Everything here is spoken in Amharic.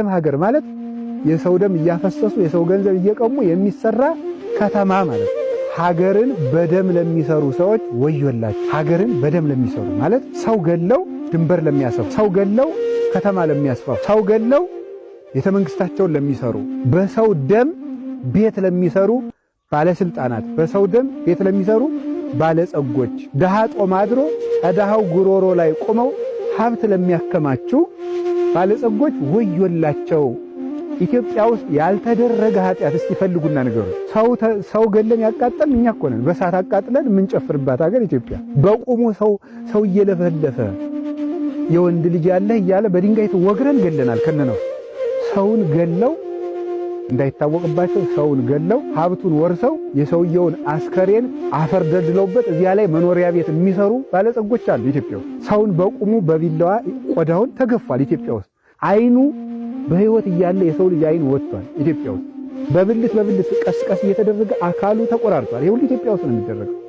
ደም ሀገር ማለት የሰው ደም እያፈሰሱ የሰው ገንዘብ እየቀሙ የሚሰራ ከተማ ማለት ሀገርን በደም ለሚሰሩ ሰዎች ወዮላቸው። ሀገርን በደም ለሚሰሩ ማለት ሰው ገለው ድንበር ለሚያሰፉ፣ ሰው ገለው ከተማ ለሚያስፋፉ፣ ሰው ገለው ቤተ መንግስታቸውን ለሚሰሩ፣ በሰው ደም ቤት ለሚሰሩ ባለስልጣናት፣ በሰው ደም ቤት ለሚሰሩ ባለጸጎች፣ ድሃ ጦም አድሮ ከድሃው ጉሮሮ ላይ ቆመው ሀብት ለሚያከማችው ባለጸጎች ወዮላቸው። ኢትዮጵያ ውስጥ ያልተደረገ ኃጢአት እስቲ ፈልጉና ነገሩ። ሰው ገለን ያቃጠል እኛ እኮ ነን። በሳት አቃጥለን የምንጨፍርባት ሀገር ኢትዮጵያ። በቁሙ ሰው እየለፈለፈ የወንድ ልጅ ያለህ እያለ በድንጋይ ወግረን ገለናል። ከነነው ሰውን ገለው እንዳይታወቅባቸው ሰውን ገለው ሀብቱን ወርሰው የሰውየውን አስከሬን አፈር ደድለውበት እዚያ ላይ መኖሪያ ቤት የሚሰሩ ባለጸጎች አሉ። ኢትዮጵያ ውስጥ ሰውን በቁሙ በቢላዋ ቆዳውን ተገፏል። ኢትዮጵያ ውስጥ አይኑ በህይወት እያለ የሰው ልጅ አይን ወጥቷል። ኢትዮጵያ ውስጥ በብልት በብልት ቀስቀስ እየተደረገ አካሉ ተቆራርጧል። ይህ ሁሉ ኢትዮጵያ ውስጥ ነው የሚደረገው።